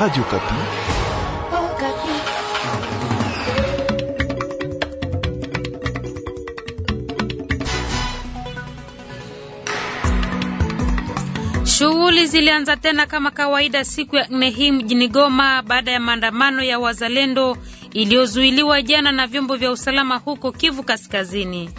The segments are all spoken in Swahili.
Radio Kapi. Oh, Kapi. Shughuli zilianza tena kama kawaida siku ya nne hii mjini Goma baada ya maandamano ya wazalendo iliyozuiliwa jana na vyombo vya usalama huko Kivu Kaskazini.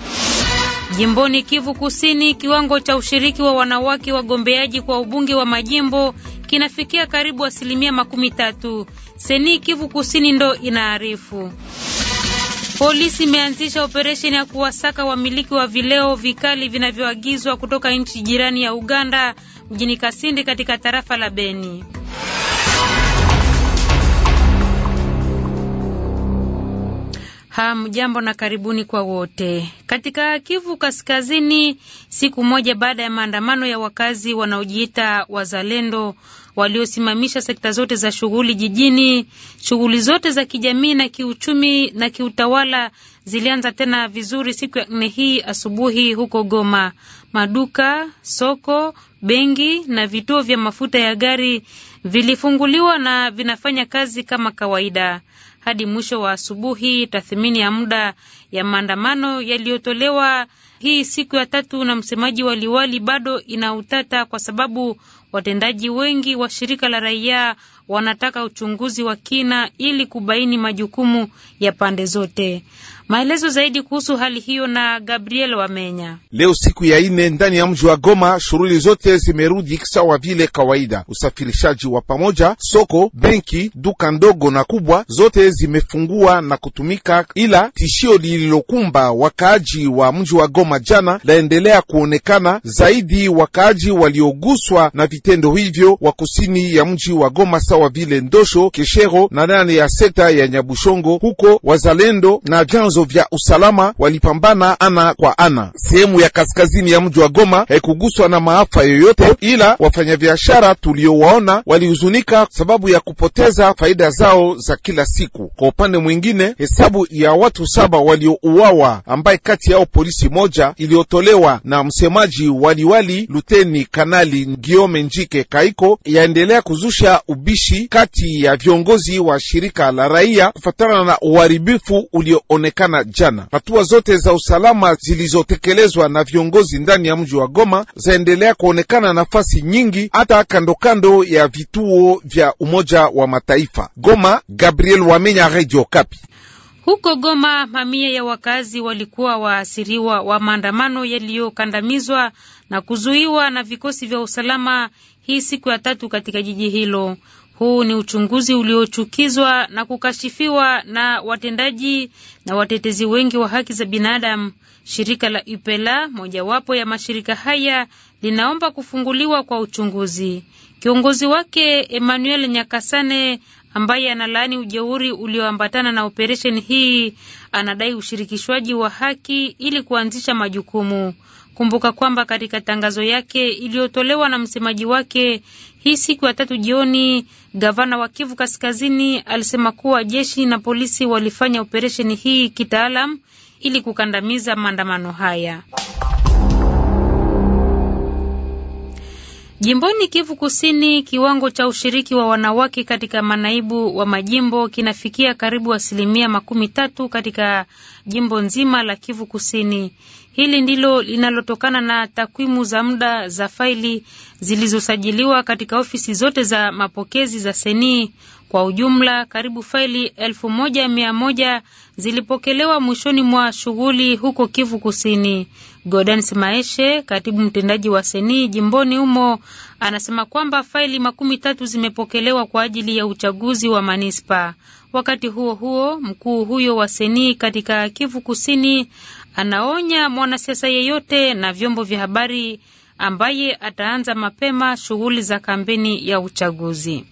Jimboni Kivu Kusini, kiwango cha ushiriki wa wanawake wagombeaji kwa ubunge wa majimbo kinafikia karibu asilimia makumi tatu. Seni Kivu Kusini ndo inaarifu. Polisi imeanzisha operesheni ya kuwasaka wamiliki wa vileo vikali vinavyoagizwa kutoka nchi jirani ya Uganda mjini Kasindi katika tarafa la Beni. Hamjambo na karibuni kwa wote. Katika Kivu Kaskazini, siku moja baada ya maandamano ya wakazi wanaojiita wazalendo waliosimamisha sekta zote za shughuli jijini. Shughuli zote za kijamii na kiuchumi na kiutawala zilianza tena vizuri siku ya nne hii asubuhi huko Goma. Maduka, soko, benki na vituo vya mafuta ya gari vilifunguliwa na vinafanya kazi kama kawaida hadi mwisho wa asubuhi tathmini ya muda ya maandamano yaliyotolewa hii siku ya tatu na msemaji wa liwali bado ina utata kwa sababu watendaji wengi wa shirika la raia wanataka uchunguzi wa kina ili kubaini majukumu ya pande zote. Maelezo zaidi kuhusu hali hiyo na Gabriel Wamenya. Leo siku ya ine ndani ya mji wa Goma, shughuli zote zimerudi sawa vile kawaida. Usafirishaji wa pamoja, soko, benki, duka ndogo na kubwa, zote zimefungua na kutumika, ila tishio lililokumba wakaaji wa mji wa Goma jana laendelea kuonekana zaidi. Wakaaji walioguswa na vitendo hivyo wa kusini ya mji wa Goma sawa vile Ndosho, Keshero na ndani ya sekta ya Nyabushongo, huko wazalendo na vyanzo vikwazo vya usalama walipambana ana kwa ana. Sehemu ya kaskazini ya mji wa Goma haikuguswa na maafa yoyote, ila wafanyabiashara tuliowaona walihuzunika sababu ya kupoteza faida zao za kila siku. Kwa upande mwingine, hesabu ya watu saba waliouawa, ambaye kati yao polisi moja, iliyotolewa na msemaji waliwali luteni kanali Ngiome Njike Kaiko, yaendelea kuzusha ubishi kati ya viongozi wa shirika la raia kufatana na uharibifu ulioonekana kuonekana jana. Hatua zote za usalama zilizotekelezwa na viongozi ndani ya mji wa Goma zaendelea kuonekana nafasi nyingi, hata kandokando ya vituo vya Umoja wa Mataifa. Goma, Gabriel Wamenya, Radio Kapi. Huko Goma, mamia ya wakazi walikuwa waasiriwa wa maandamano yaliyokandamizwa na kuzuiwa na vikosi vya usalama hii siku ya tatu katika jiji hilo. Huu ni uchunguzi uliochukizwa na kukashifiwa na watendaji na watetezi wengi wa haki za binadamu. Shirika la UPELA, mojawapo ya mashirika haya, linaomba kufunguliwa kwa uchunguzi. Kiongozi wake Emmanuel Nyakasane ambaye analaani ujeuri ulioambatana na operesheni hii, anadai ushirikishwaji wa haki ili kuanzisha majukumu. Kumbuka kwamba katika tangazo yake iliyotolewa na msemaji wake hii siku ya tatu jioni, gavana wa Kivu Kaskazini alisema kuwa jeshi na polisi walifanya operesheni hii kitaalam ili kukandamiza maandamano haya. Jimboni Kivu Kusini, kiwango cha ushiriki wa wanawake katika manaibu wa majimbo kinafikia karibu asilimia makumi tatu katika jimbo nzima la Kivu Kusini. Hili ndilo linalotokana na takwimu za muda za faili zilizosajiliwa katika ofisi zote za mapokezi za Senii kwa ujumla karibu faili elfu moja mia moja zilipokelewa mwishoni mwa shughuli huko Kivu Kusini. Godens Maeshe, katibu mtendaji wa seni jimboni humo, anasema kwamba faili makumi tatu zimepokelewa kwa ajili ya uchaguzi wa manispa. Wakati huo huo, mkuu huyo wa seni katika Kivu Kusini anaonya mwanasiasa yeyote na vyombo vya habari ambaye ataanza mapema shughuli za kampeni ya uchaguzi.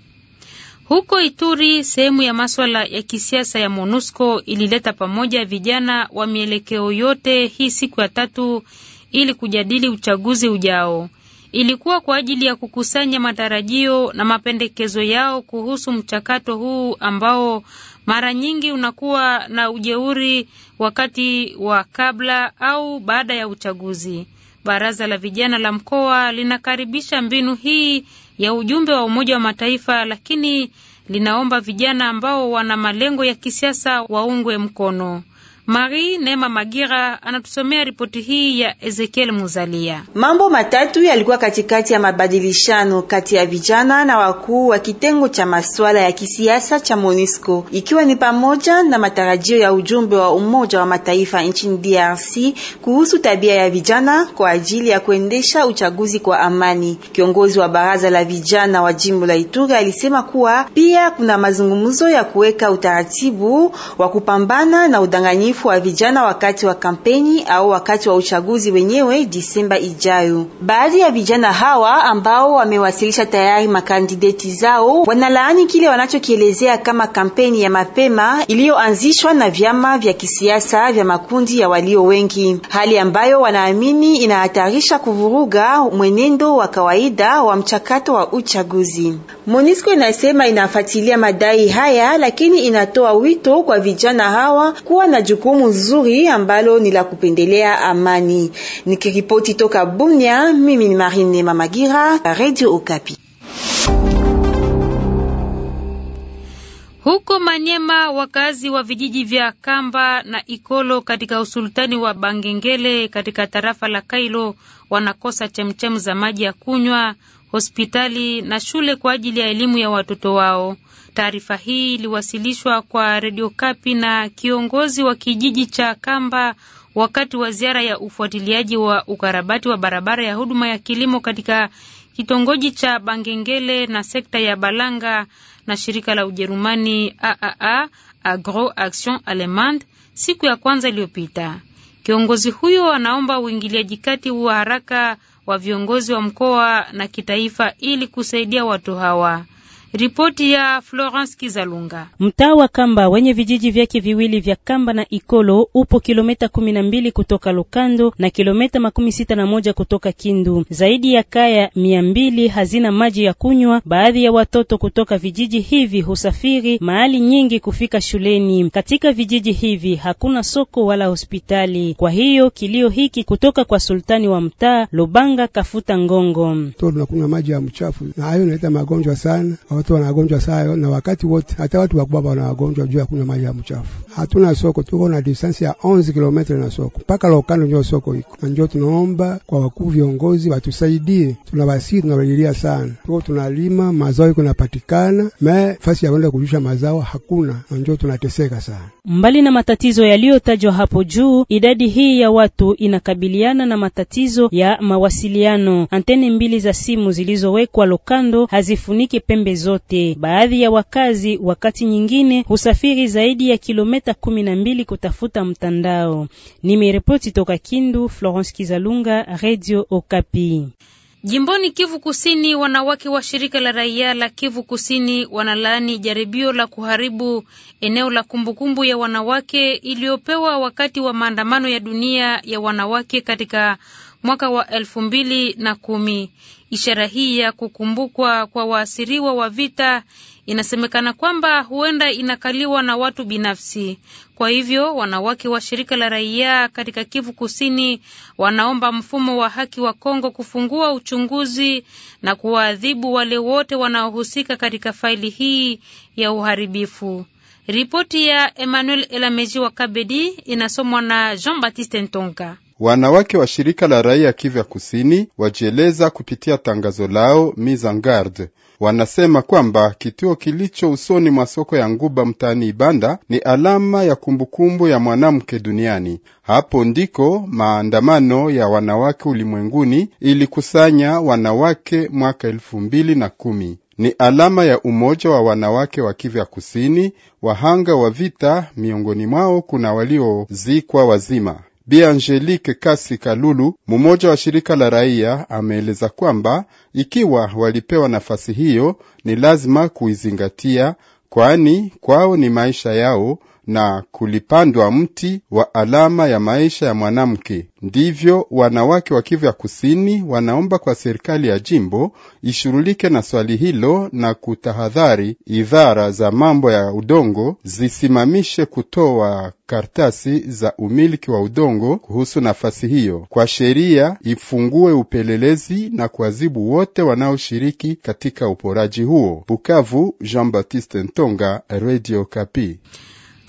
Huko Ituri, sehemu ya maswala ya kisiasa ya MONUSCO ilileta pamoja vijana wa mielekeo yote hii siku ya tatu ili kujadili uchaguzi ujao. Ilikuwa kwa ajili ya kukusanya matarajio na mapendekezo yao kuhusu mchakato huu ambao mara nyingi unakuwa na ujeuri wakati wa kabla au baada ya uchaguzi. Baraza la vijana la mkoa linakaribisha mbinu hii ya ujumbe wa Umoja wa Mataifa, lakini linaomba vijana ambao wana malengo ya kisiasa waungwe mkono. Marie Nema Magira anatusomea ripoti hii ya Ezekiel Muzalia. Mambo matatu yalikuwa katikati ya mabadilishano kati ya vijana na wakuu wa kitengo cha masuala ya kisiasa cha MONUSCO, ikiwa ni pamoja na matarajio ya ujumbe wa Umoja wa Mataifa nchini DRC kuhusu tabia ya vijana kwa ajili ya kuendesha uchaguzi kwa amani. Kiongozi wa baraza la vijana wa jimbo la Ituri alisema kuwa pia kuna mazungumzo ya kuweka utaratibu wa kupambana na udanganyifu upungufu wa vijana wakati wa kampeni au wakati wa uchaguzi wenyewe Disemba ijayo. Baadhi ya vijana hawa ambao wamewasilisha tayari makandideti zao wanalaani kile wanachokielezea kama kampeni ya mapema iliyoanzishwa na vyama vya kisiasa vya makundi ya walio wengi, hali ambayo wanaamini inahatarisha kuvuruga mwenendo wa kawaida wa mchakato wa uchaguzi. Monisco inasema inafuatilia madai haya, lakini inatoa wito kwa vijana hawa kuwa na jukumu nzuri ambalo ni la kupendelea amani. Nikiripoti toka Bunia, mimi ni Marine Mamagira, Radio Okapi. Huko Manyema, wakazi wa vijiji vya Kamba na Ikolo katika usultani wa Bangengele katika tarafa la Kailo wanakosa chemchem za maji ya kunywa, hospitali na shule kwa ajili ya elimu ya watoto wao. Taarifa hii iliwasilishwa kwa redio Kapi na kiongozi wa kijiji cha Kamba wakati wa ziara ya ufuatiliaji wa ukarabati wa barabara ya huduma ya kilimo katika kitongoji cha Bangengele na sekta ya Balanga na shirika la Ujerumani AAA Agro Action Allemande siku ya kwanza iliyopita. Kiongozi huyo anaomba uingiliaji kati wa haraka wa viongozi wa mkoa na kitaifa ili kusaidia watu hawa. Ripoti ya Florence Kizalunga. Mtaa wa Kamba wenye vijiji vyake viwili vya Kamba na Ikolo upo kilomita kumi na mbili kutoka Lukando na kilomita makumi sita na moja kutoka Kindu. Zaidi ya kaya mia mbili hazina maji ya kunywa. Baadhi ya watoto kutoka vijiji hivi husafiri mahali nyingi kufika shuleni. Katika vijiji hivi hakuna soko wala hospitali. Kwa hiyo kilio hiki kutoka kwa sultani wa mtaa Lubanga Kafuta Ngongo: tunakunywa maji ya mchafu na hayo inaleta magonjwa sana watu wana wagonjwa na wakati wote hata watu wakubwa wana juu ya kunywa maji ya mchafu. Hatuna soko, tuko na distansi ya 11 kilometre na soko, mpaka Lokando ndio soko iko, na ndio tunaomba kwa wakuu viongozi watusaidie, tunawasii tunawalilia sana, tuko tunalima mazao iko napatikana me fasi ya kwenda kujusha mazao hakuna, na ndio tunateseka sana. Mbali na matatizo yaliyotajwa hapo juu, idadi hii ya watu inakabiliana na matatizo ya mawasiliano. Antene mbili za simu zilizowekwa Lokando hazifuniki pembe zote zote. Baadhi ya wakazi wakati nyingine husafiri zaidi ya kilomita kumi na mbili kutafuta mtandao. Nimeripoti toka Kindu, Florence Kizalunga, Radio Okapi. Jimboni Kivu Kusini, wanawake wa shirika la raia la Kivu Kusini wanalaani jaribio la kuharibu eneo la kumbukumbu ya wanawake iliyopewa wakati wa maandamano ya dunia ya wanawake katika mwaka wa elfu mbili na kumi. Ishara hii ya kukumbukwa kwa waasiriwa wa vita inasemekana kwamba huenda inakaliwa na watu binafsi. Kwa hivyo wanawake wa shirika la raia katika Kivu Kusini wanaomba mfumo wa haki wa Kongo kufungua uchunguzi na kuwaadhibu wale wote wanaohusika katika faili hii ya uharibifu. Ripoti ya Emmanuel Elameji wa Kabedi inasomwa na Jean Baptiste Ntonga. Wanawake wa shirika la raia Kivya Kusini wajieleza kupitia tangazo lao Mizangard. Wanasema kwamba kituo kilicho usoni mwa soko ya Nguba mtaani Ibanda ni alama ya kumbukumbu ya mwanamke duniani. Hapo ndiko maandamano ya wanawake ulimwenguni ilikusanya wanawake mwaka elfu mbili na kumi. Ni alama ya umoja wa wanawake wa Kivya Kusini, wahanga wa vita, miongoni mwao kuna waliozikwa wazima. Bi Angelique Kasi Kalulu, mmoja wa shirika la raia, ameeleza kwamba ikiwa walipewa nafasi hiyo ni lazima kuizingatia, kwani kwao ni maisha yao na kulipandwa mti wa alama ya maisha ya mwanamke. Ndivyo wanawake wa Kivu ya Kusini wanaomba kwa serikali ya jimbo ishughulike na swali hilo na kutahadhari idara za mambo ya udongo zisimamishe kutoa kartasi za umiliki wa udongo kuhusu nafasi hiyo. Kwa sheria ifungue upelelezi na kuadhibu wote wanaoshiriki katika uporaji huo. Bukavu, Jean Baptiste Ntonga, Radio Kapi.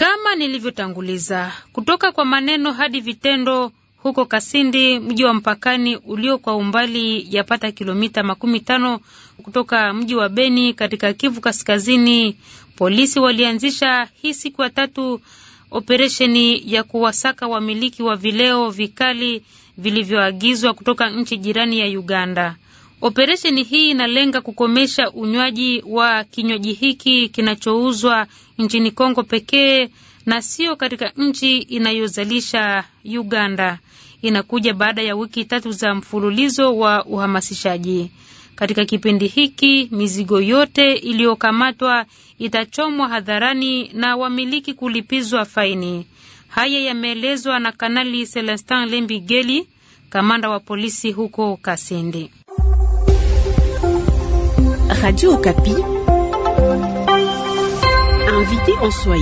Kama nilivyotanguliza, kutoka kwa maneno hadi vitendo, huko Kasindi, mji wa mpakani ulio kwa umbali yapata kilomita makumi tano kutoka mji wa Beni katika Kivu Kaskazini, polisi walianzisha hii siku ya tatu operesheni ya kuwasaka wamiliki wa vileo vikali vilivyoagizwa kutoka nchi jirani ya Uganda. Operesheni hii inalenga kukomesha unywaji wa kinywaji hiki kinachouzwa nchini Kongo pekee na sio katika nchi inayozalisha Uganda. Inakuja baada ya wiki tatu za mfululizo wa uhamasishaji. Katika kipindi hiki mizigo yote iliyokamatwa itachomwa hadharani na wamiliki kulipizwa faini. Haya yameelezwa na Kanali Celestin Lembigeli, kamanda wa polisi huko Kasindi. Radio Okapi, invité en soi.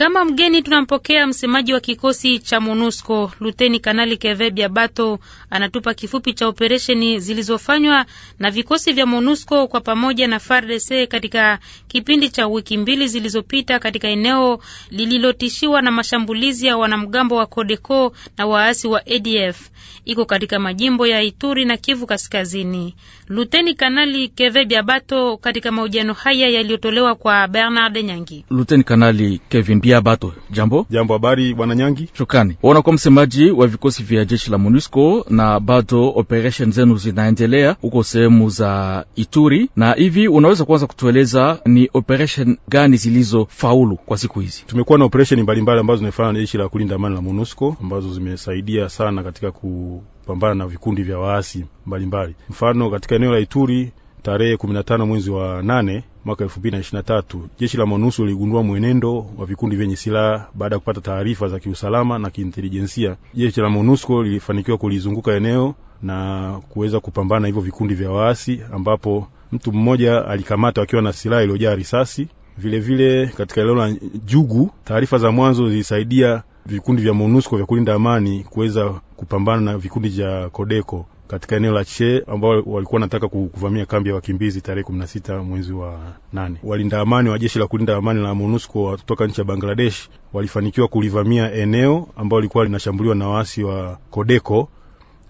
Kama mgeni tunampokea msemaji wa kikosi cha MONUSCO Luteni Kanali Keve Biabato, anatupa kifupi cha operesheni zilizofanywa na vikosi vya MONUSCO kwa pamoja na FARDC katika kipindi cha wiki mbili zilizopita katika eneo lililotishiwa na mashambulizi ya wanamgambo wa CODECO na waasi wa ADF iko katika majimbo ya Ituri na Kivu Kaskazini. Luteni Kanali Keve Biabato katika mahojiano haya yaliyotolewa kwa Bernard Nyangi. Luteni Kanali Kevin Fabia Bato, jambo. Jambo, habari bwana Nyangi. Shukrani. kwa msemaji wa vikosi vya jeshi la MONUSCO na bado operation zenu zinaendelea huko sehemu za Ituri, na hivi unaweza kuanza kutueleza ni operation gani zilizofaulu kwa siku hizi? Tumekuwa na operation mbalimbali ambazo zimefanywa na jeshi la kulinda amani la MONUSCO ambazo zimesaidia sana katika ku pambana na vikundi vya waasi mbalimbali. Mfano, katika eneo la Ituri tarehe 15 mwezi wa 8 mwaka 2023 jeshi la MONUSCO liligundua mwenendo wa vikundi vyenye silaha baada ya kupata taarifa za kiusalama na kiintelijensia. Jeshi la MONUSCO lilifanikiwa kulizunguka eneo na kuweza kupambana hivyo vikundi vya waasi, ambapo mtu mmoja alikamatwa akiwa na silaha iliyojaa risasi. Vilevile vile, katika eneo la Jugu, taarifa za mwanzo zilisaidia vikundi vya MONUSCO vya kulinda amani kuweza kupambana na vikundi vya Kodeko katika eneo la Che ambao walikuwa wanataka kuvamia kambi ya wakimbizi tarehe 16 mwezi wa nane. Walinda amani wa jeshi la kulinda amani la MONUSCO kutoka nchi ya Bangladesh walifanikiwa kulivamia eneo ambao lilikuwa linashambuliwa na waasi wa Kodeko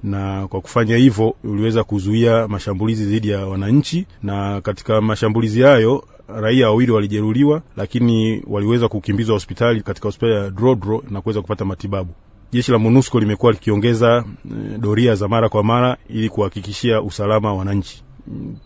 na kwa kufanya hivyo uliweza kuzuia mashambulizi dhidi ya wananchi, na katika mashambulizi hayo raia wawili walijeruhiwa, lakini waliweza kukimbizwa hospitali katika hospitali ya Drodro na kuweza kupata matibabu. Jeshi la MONUSCO limekuwa likiongeza eh, doria za mara kwa mara ili kuhakikishia usalama wananchi.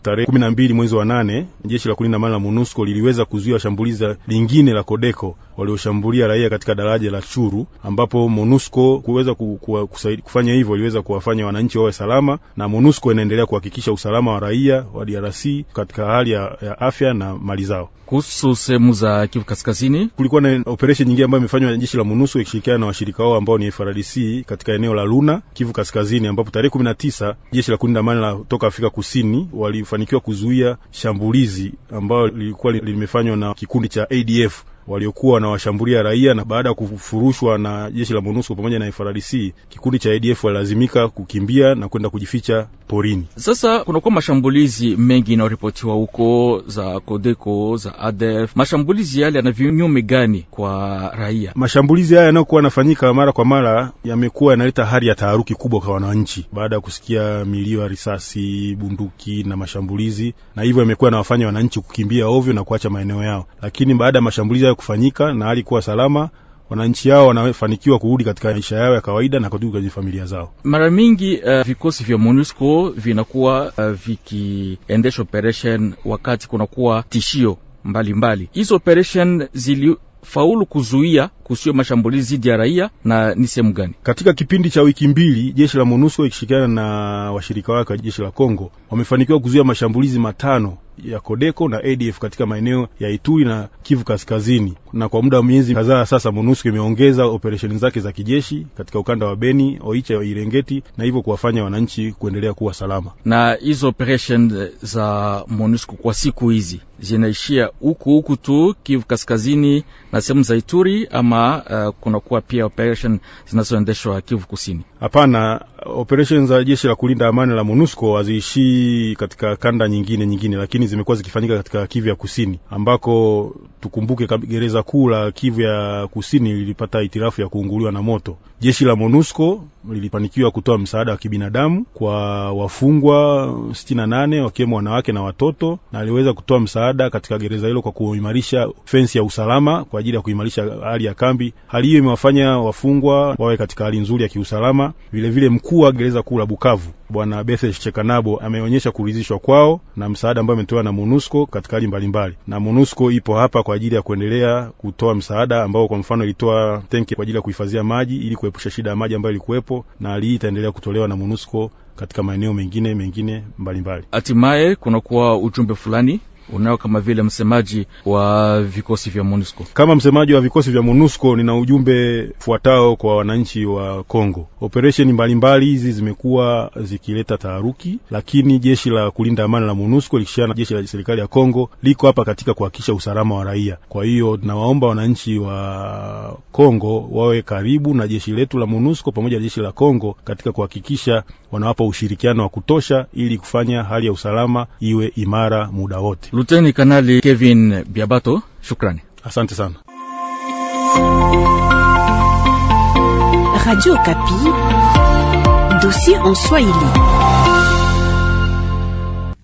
Tarehe kumi na mbili mwezi wa nane jeshi la kulinda amani la MONUSCO liliweza kuzuia shambulizi lingine la Kodeko walioshambulia raia katika daraja la Churu, ambapo MONUSCO kuweza ku, ku, kusai, kufanya hivyo waliweza kuwafanya wananchi wawe salama, na MONUSCO inaendelea kuhakikisha usalama wa raia wa DRC katika hali ya, ya afya na mali zao. Kuhusu sehemu za Kivu Kaskazini, kulikuwa na operesheni nyingine ambayo imefanywa na jeshi la MONUSCO ikishirikiana na washirika wao ambao ni frdc katika eneo la Luna, Kivu Kaskazini, ambapo tarehe kumi na tisa jeshi la kulinda amani la toka Afrika Kusini walifanikiwa kuzuia shambulizi ambayo lilikuwa limefanywa na kikundi cha ADF waliokuwa wanawashambulia raia, na baada ya kufurushwa na jeshi la MONUSCO pamoja na FARDC, kikundi cha ADF walilazimika kukimbia na kwenda kujificha porini. Sasa kunakuwa mashambulizi mengi inayoripotiwa huko za Kodeko za ADF. Mashambulizi yale yana vinyume gani kwa raia? Mashambulizi haya yanayokuwa yanafanyika mara kwa mara yamekuwa yanaleta hali ya taharuki kubwa kwa wananchi, baada ya kusikia milio ya risasi, bunduki na mashambulizi, na hivyo yamekuwa yanawafanya wananchi kukimbia ovyo na kuacha maeneo yao. Lakini baada ya mashambulizi hayo kufanyika na hali kuwa salama wananchi hao wanafanikiwa kurudi katika maisha yao ya kawaida na kurudi kwenye familia zao. Mara mingi uh, vikosi vya MONUSCO vinakuwa uh, vikiendesha operation wakati kunakuwa tishio mbalimbali. Hizo operation zili faulu kuzuia kusio mashambulizi dhidi ya raia na ni sehemu gani? Katika kipindi cha wiki mbili, jeshi la MONUSCO ikishirikiana na washirika wake wa jeshi la Kongo wamefanikiwa kuzuia mashambulizi matano ya Kodeko na ADF katika maeneo ya Ituri na Kivu Kaskazini. Na kwa muda wa miezi kadhaa sasa, MONUSCO imeongeza operesheni zake za kijeshi katika ukanda wa Beni, Oicha, Irengeti na hivyo kuwafanya wananchi kuendelea kuwa salama. Na hizo operesheni za MONUSCO kwa siku hizi zinaishia huku huku tu Kivu Kaskazini na sehemu za Ituri ama uh, kunakuwa pia operesheni zinazoendeshwa Kivu Kusini? Hapana, operation za jeshi la kulinda amani la MONUSCO haziishii katika kanda nyingine nyingine, lakini zimekuwa zikifanyika katika Kivu ya Kusini, ambako tukumbuke gereza kuu la Kivu ya Kusini lilipata itirafu ya kuunguliwa na moto Jeshi la MONUSCO lilifanikiwa kutoa msaada wa kibinadamu kwa wafungwa 68 wakiwemo wanawake na watoto, na aliweza kutoa msaada katika gereza hilo kwa kuimarisha fensi ya usalama kwa ajili ya kuimarisha hali ya kambi. Hali hiyo imewafanya wafungwa wawe katika hali nzuri ya kiusalama. Vilevile, mkuu wa gereza kuu la Bukavu Bwana Bethesh Chekanabo ameonyesha kuridhishwa kwao na msaada ambao ametoa na MONUSCO katika hali mbalimbali, na MONUSCO ipo hapa kwa ajili ya kuendelea kutoa msaada ambao, kwa mfano, ilitoa tenki kwa ajili ya kuhifadhia maji ili kuepusha shida ya maji ambayo ilikuwepo, na hali hii itaendelea kutolewa na MONUSCO katika maeneo mengine mengine mbalimbali. Hatimaye kunakuwa ujumbe fulani unao kama vile msemaji wa vikosi vya MONUSCO. Kama msemaji wa vikosi vya MONUSCO, nina ujumbe fuatao kwa wananchi wa Kongo. Operesheni mbalimbali hizi zimekuwa zikileta taharuki, lakini jeshi la kulinda amani la MONUSCO likishana jeshi la serikali ya Kongo liko hapa katika kuhakikisha usalama wa raia. Kwa hiyo tunawaomba wananchi wa Kongo wawe karibu na jeshi letu la MONUSCO pamoja na jeshi la Kongo katika kuhakikisha wanawapa ushirikiano wa kutosha ili kufanya hali ya usalama iwe imara muda wote. Luteni Kanali Kevin Biabato, shukrani, asante sana. Radio Kapi, dossier en Swahili.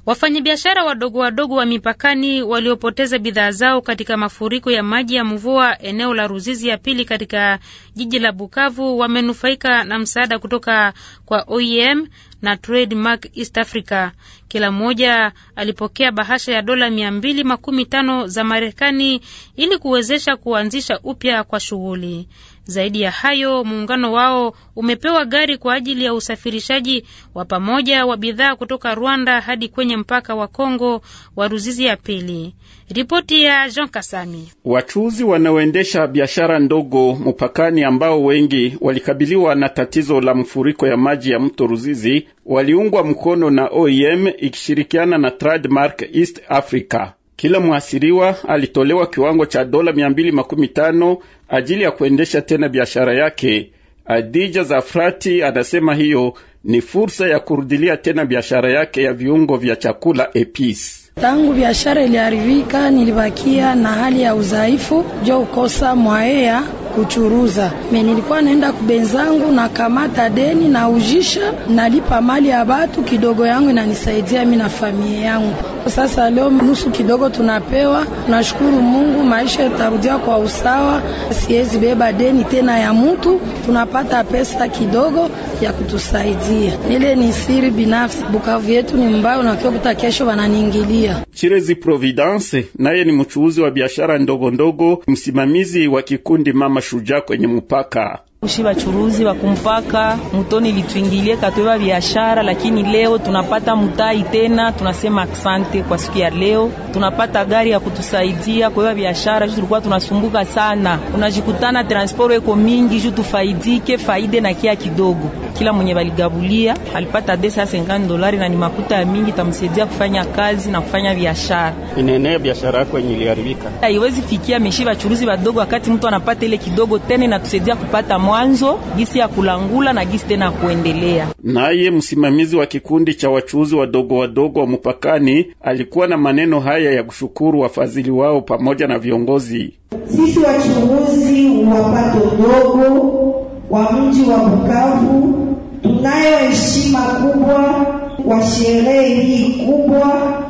Wafanyabiashara wadogo wadogo wa mipakani waliopoteza bidhaa zao katika mafuriko ya maji ya mvua eneo la Ruzizi ya pili katika jiji la Bukavu wamenufaika na msaada kutoka kwa OEM na Trademark East Africa. Kila mmoja alipokea bahasha ya dola mia mbili makumi tano za Marekani ili kuwezesha kuanzisha upya kwa shughuli. Zaidi ya hayo, muungano wao umepewa gari kwa ajili ya usafirishaji wa pamoja wa bidhaa kutoka Rwanda hadi kwenye mpaka wa Kongo wa Ruzizi ya pili. Ripoti ya Jean Kasami. Wachuuzi wanaoendesha biashara ndogo mpakani, ambao wengi walikabiliwa na tatizo la mfuriko ya maji ya mto Ruzizi, waliungwa mkono na OIM e ikishirikiana na Trademark East Africa. Kila mwasiriwa alitolewa kiwango cha dola mia mbili makumi tano ajili ya kuendesha tena biashara yake. Adija Zafrati anasema hiyo ni fursa ya kurudilia tena biashara yake ya viungo vya chakula Epis. Tangu biashara iliharibika, nilibakia na hali ya udhaifu jo ukosa mwaea kuchuruza. Me nilikuwa naenda kubenzangu na kamata deni na ujisha nalipa mali ya batu kidogo yangu inanisaidia mimi na familia yangu. Sasa leo nusu kidogo tunapewa, tunashukuru Mungu, maisha itarudia kwa usawa. Siwezi beba deni tena ya mtu, tunapata pesa kidogo ya kutusaidia. Ile ni siri binafsi. Bukavu yetu ni mbayo unakiwa kuta kesho wananiingilia Chirezi Providence naye ni mchuuzi wa biashara ndogo ndogo, msimamizi wa kikundi Mama Shujaa kwenye mpaka kushi bachuruzi bakumpaka mutoni lituingilie katueva biashara, lakini leo tunapata mutai tena, tunasema asante kwa siku ya leo. Tunapata gari ya kutusaidia kueva biashara, juu tulikuwa tunasumbuka sana, unajikutana transport eko mingi juu tufaidike faide na kia kidogo. Kila mwenye baligabulia alipata desa ya 50 dolari na ni makuta ya mingi, tamsaidia kufanya kazi na kufanya biashara. Inenea biashara yako yenye iliharibika haiwezi fikia meshi bachuruzi badogo, wakati mtu anapata ile kidogo tena inatusaidia kupata mo mwanzo, gisi ya kulangula na gisi tena kuendelea. Naye msimamizi wa kikundi cha wachuuzi wadogo wadogo wa mupakani alikuwa na maneno haya ya kushukuru wafadhili wao pamoja na viongozi. Sisi wachuuzi wa pato dogo wa mji wa Bukavu tunayo heshima kubwa kwa sherehe hii kubwa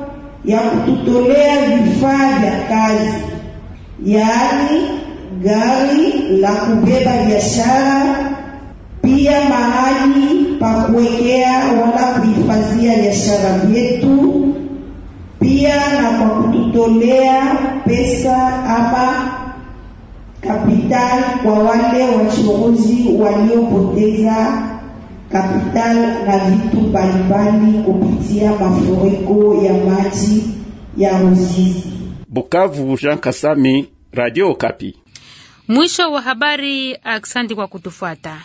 ya kututolea vifaa vya kazi, yaani gari la kubeba biashara, pia mahali pa kuwekea wala kuhifadhia biashara yetu, pia na kwa kututolea pesa ama kapital kwa wale wachuruzi waliopoteza kapital na vitu mbalimbali kupitia mafuriko ya maji ya Ruzizi. Bukavu, Jean Kasami, Radio Kapi. Mwisho wa habari. Asante kwa kutufuata.